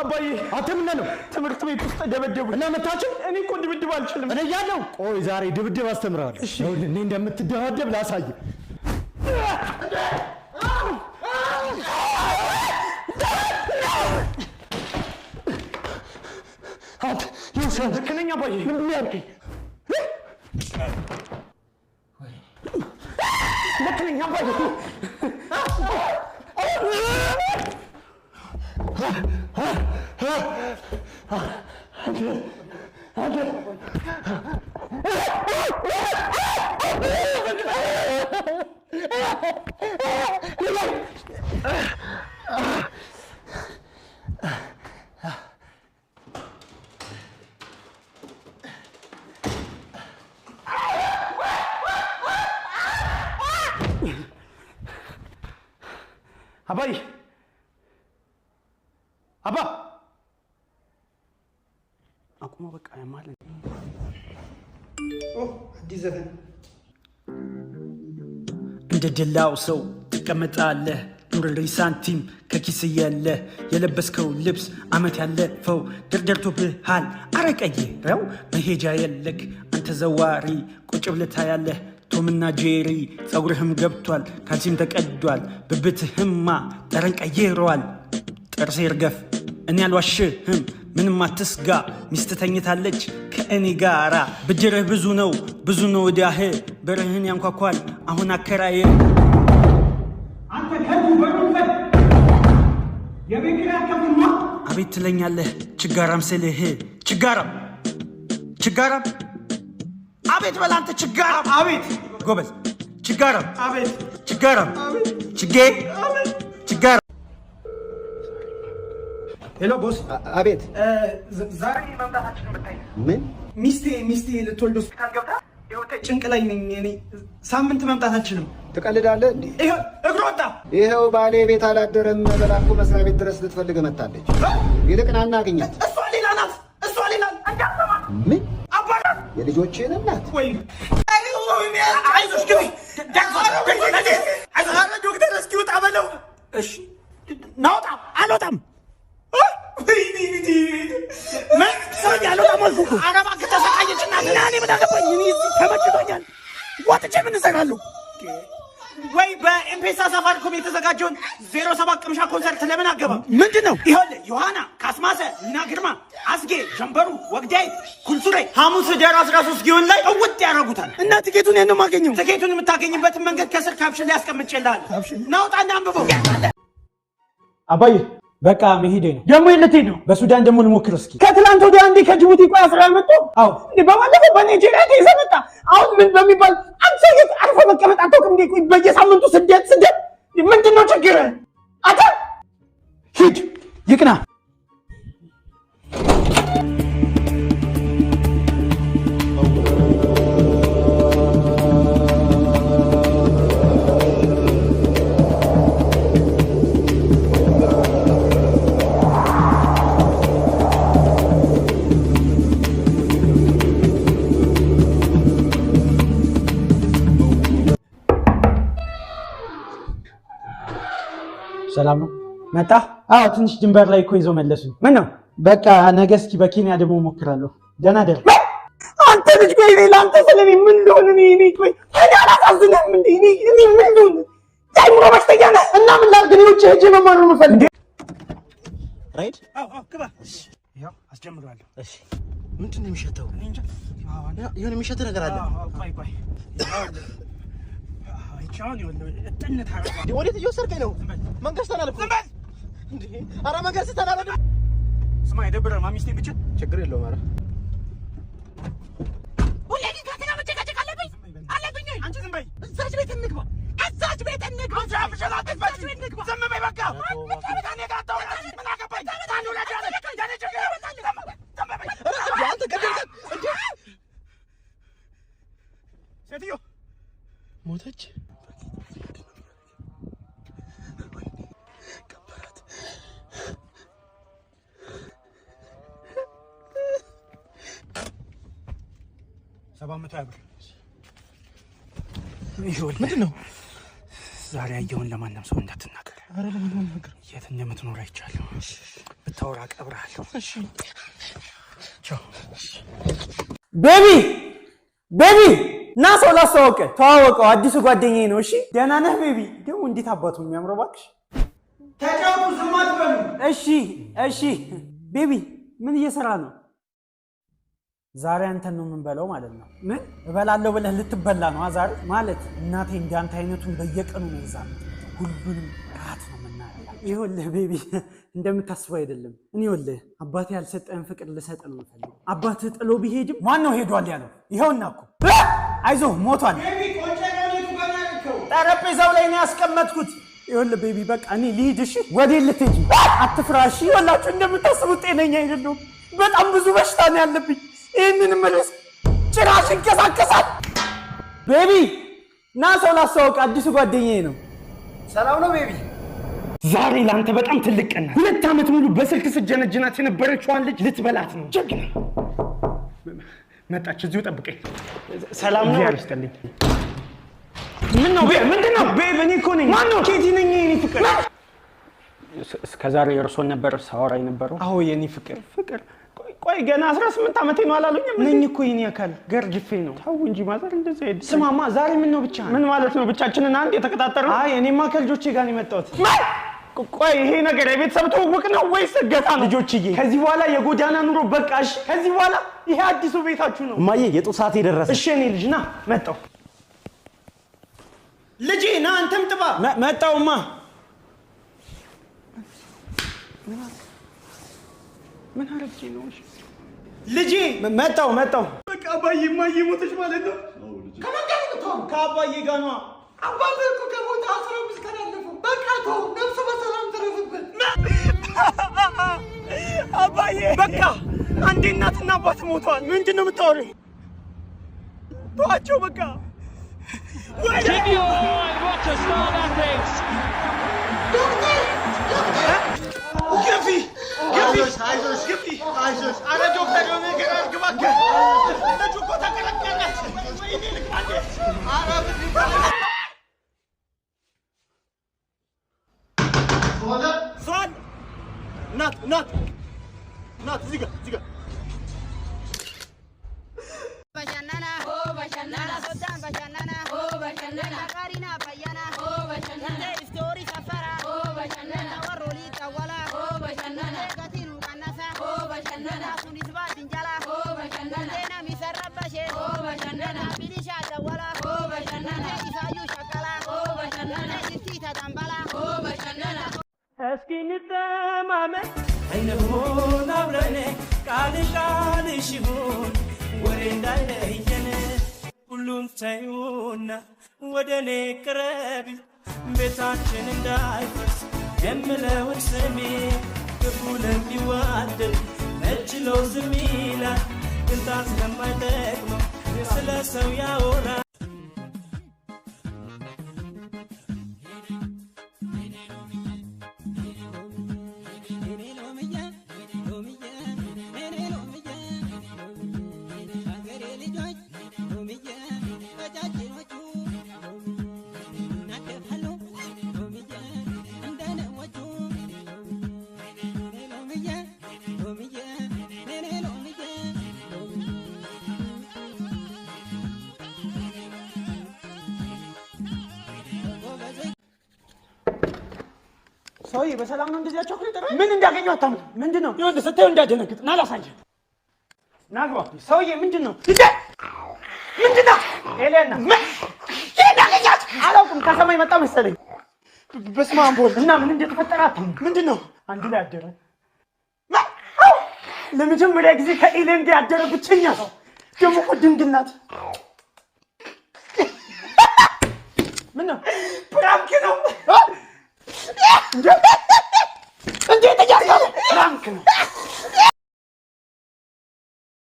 አባዬ አተምነ ነው ትምህርት ቤት ውስጥ ደበደቡ እና መታችሁ። እኔ እኮ ድብድብ አልችልም። እኔ ያለው ቆይ ዛሬ ድብድብ አስተምራለሁ። እኔ እንደምትደባደብ ላሳይ። አንተ ይውሰን ከነኛ አባዬ ምን የሚያርገኝ ለከነኛ አባዬ 아빠이 아빠 አቁመው በቃ ያማል። አዲስ ዘፈን እንደ ደላው ሰው ትቀመጣለህ ኑርሪ ሳንቲም ከኪስ የለ የለበስከው ልብስ አመት ያለፈው ድርደርቶ ብሃል አረቀይረው መሄጃ የለክ አንተ ዘዋሪ ቁጭ ብለታ ቶምና ጄሪ ፀጉርህም ገብቷል ካልሲም ተቀዷል ብብትህማ ጠረን ቀይረዋል ጥርስ ይርገፍ እኔ አልዋሽህም ምንም አትስጋ፣ ሚስት ተኝታለች ከእኔ ጋራ። ብድርህ ብዙ ነው ብዙ ነው ወዲያህ፣ በርህን ያንኳኳል አሁን አከራየ አቤት ትለኛለህ ችጋራም ስልህ ችጋራም ችጋራም አቤት በላንተ ችጋራም አቤት ጎበዝ ችጋራም አቤት ችጋራም ችጌ አቤት ሄሎ ቦስ። አቤት። ዛሬ መምጣታችን ብታይ ምን ሚስቴ ሚስቴ ልትወልድ ሆስፒታል ገብታ ጭንቅ ላይ ነኝ እኔ። ሳምንት መምጣታችን ነው ትቀልዳለህ እንዴ? እግሮ ወጣ። ይኸው ባሌ ቤት አላደረም። በላኩ መስሪያ ቤት ድረስ ልትፈልግ መታለች። ይልቅ ና እሷ ሌላ ናት። እሷ ሌላ ምን አባላት የልጆችን እናት ወይ አይዞሽ የተዘጋጀውን ዜሮ ሰባት ቅምሻ ኮንሰርት ለምን አገባም? ምንድን ነው ይሆል? ዮሐና ካስማሰ፣ ሊና ግርማ፣ አስጌ ጀንበሩ፣ ወግዳይ ኩልሱሬ ሐሙስ ዳር 13 ጊዮን ላይ እውጥ ያደረጉታል። እና ትኬቱን ነው ማገኘው ትኬቱን የምታገኝበትን መንገድ ከስር ካፕሽን ላይ ያስቀምጭልሃል። ናውጣና አንብበው። አባዬ በቃ መሄዴ ነው። ደግሞ የለት ነው? በሱዳን ደግሞ ልሞክር እስኪ። ከትላንት ወዲያ አንዴ ከጅቡቲ ቆይ አስራ መጡ። አዎ እንዴ በባለፈው በናይጄሪያ ተይዘህ መጣ። አሁን ምን በሚባል አንተ የት አርፈህ መቀመጥ አታውቅም እንዴ? በየሳምንቱ ስደት ስደት ምንድን ነው ችግር? አንተ ሂድ ይቅና ሰላም ነው። መጣ? አዎ፣ ትንሽ ድንበር ላይ እኮ ይዘው መለሱ ምን ነው? በቃ ነገ እስኪ በኬንያ ደግሞ እሞክራለሁ። ደህና ደር። አንተ ልጅ ቆይ፣ እኔ ለአንተ ስለኔ ምን ልሆን? እኔ እኔ ቆይ፣ እኔ እንዴ? እኔ ምን ልሆን? በሽተኛ ነህ እና ምን ላድርግ? እኔ ውጭ ሄጄ መማር ነው የምፈልገው። ራይድ? አዎ፣ አዎ፣ ግባ። ያው አስጀምራለሁ። እሺ ምንድን ነው የሚሸተው? የሆነ የሚሸት ነገር አለ። ወዴት እየወሰድከኝ ነው? መንገድ ተናለኩ። እንዴ አረ መንገድ ተናለኩ። ስማ ይደብራል። ማሚስቴ ብቻ ችግር የለውም። አረ ምንድን ነው ዛሬ ለማንም ሰው እንዳትናገር። የት እንደምትኖር አይቻለሁ። ብታወራ ቀብርሃለሁ። ቤቢ ቤቢ እና ሰው ላስተዋወቀ ተዋወቀው፣ አዲሱ ጓደኛዬ ነው። እሺ ደህና ነህ ቤቢ? ደግሞ እንዴት አባቱ የሚያምረው እባክሽ። ዝም አትበሉ። እሺ እሺ። ቤቢ ምን እየሰራ ነው? ዛሬ አንተን ነው የምንበላው ማለት ነው። ምን እበላለሁ ብለህ ልትበላ ነው ዛሬ ማለት። እናቴ እንዳንተ አይነቱን በየቀኑ ነው ይዛ ሁሉንም ራት ነው የምናደርገው። ይኸውልህ ቤቢ እንደምታስበው አይደለም። እኔ ይኸውልህ አባቴ ያልሰጠህን ፍቅር ልሰጠን ነው ፈልግ። አባትህ ጥሎ ቢሄድም ነው ሄዷል ያለው? ይኸውና እኮ አይዞህ ሞቷል። ጠረጴዛው ላይ ነው ያስቀመጥኩት። ይኸውልህ ቤቢ በቃ እኔ ልሂድ። እሺ ወዴት ልትሄጂ? አትፍራ። እሺ ይኸውላችሁ እንደምታስቡት ጤነኛ አይደለሁም። በጣም ብዙ በሽታ ነው ያለብኝ ይህንን ምልስ ጭራሽ ይንቀሳቀሳል። ቤቢ ና ሰው ላስተዋውቅ፣ አዲሱ ጓደኛዬ ነው። ሰላም ነው ቤቢ። ዛሬ ለአንተ በጣም ትልቅ ቀን። ሁለት ዓመት ሙሉ በስልክ ስጀነጅናት የነበረችዋን ልጅ ልትበላት ነው። ጀግና መጣች። እዚሁ ጠብቀኝ። ሰላም ነው ያርስተልኝ። ምን ነው ምንድን ነው ቤብ? እኔ እኮ ነኝ። ማነው? ኬቲ ነኝ። የኔ ፍቅር እስከ ዛሬ እርሶን ነበር ሳወራ የነበረው። አዎ የኔ ፍቅር ፍቅር ቆይ ገና 18 ዓመቴ ነው አላሉኝም ነኝ እኮ ይህን ያካል ገርጅፌ ነው። ተው እንጂ ማዘር፣ እንደዚህ አይደል። ስማማ ዛሬ ምን ነው ብቻ ምን ማለት ነው ብቻችንን አንድ የተቀጣጠርነው? አይ እኔማ ከልጆቼ ጋር ነው የመጣሁት። ቆይ ይሄ ነገር የቤተሰብ ትውውቅ ነው ወይስ እገታ ነው? ልጆችዬ፣ ከዚህ በኋላ የጎዳና ኑሮ በቃ። እሺ፣ ከዚህ በኋላ ይሄ አዲሱ ቤታችሁ ነው። እማዬ፣ የጡት ሰዓት የደረሰ። እሺ፣ እኔ ልጅ ና፣ መጣሁ። ልጅ ና፣ አንተም ጥባ። መጣሁማ ምን አረፍቼ ነው? እሺ ልጄ መጣው መጣው። በቃ አባዬ ማየ ሞተች ማለት ነው። ከአባዬ ጋር ነዋ። አባዬ እኮ ከሞተ አስራ አምስት ቀን አለፈው። በቃ ተው፣ ነፍሱ በሰላም ተረፍበት። አባዬ በቃ አንዴ እናትና አባት ሞተዋል። ምንድን ነው የምታወሪው? ተዋቸው በቃ Ayşush, ana doktor ömür kadar ki bak. Ana çok kota kadar kadar. İyi değil kardeş. Ana bir Sonra? Son. Nat, nat. Nat, ziga, ziga. Başanana, o başanana, sodan başanana, o başanana, karina bayana, o እስኪ እንተማመን እንሁን አብረን ቃል ቃልሽ ይሁን ወሬ እንዳይለየን ሁሉም ተይውና ወደ እኔ ቅረቢ ቤታችን እንዳይፈርስ የምለውን ስሜ ክፉ ለሚዋደድ እጅ ሎዝም ይላል ግንታ ስለማይጠቅመው ስለ ሰው ያወራል ሰውዬ በሰላም ነው እንደዚህ ያቸው ክልጠራ ምን እንዳገኘው አታምን። ምንድን ነው ይወድ ስታዩ እንዳደነግጥ ና ላሳየ ናግባ ሰውዬ ምንድን ነው ልጄ ምንድን ነው ኤሌና ይናገኛት አላውቅም። ከሰማይ መጣ መሰለኝ። በስመ አብ ወልድ እና ምን እንደተፈጠረ አታምን። ምንድን ነው አንድ ላይ አደረ። ለመጀመሪያ ጊዜ ከኤሌን ጋር ያደረ ብቸኛ ሰው ደግሞ እኮ ድንግል ናት። ምን ነው Ang dito dyan! Frank!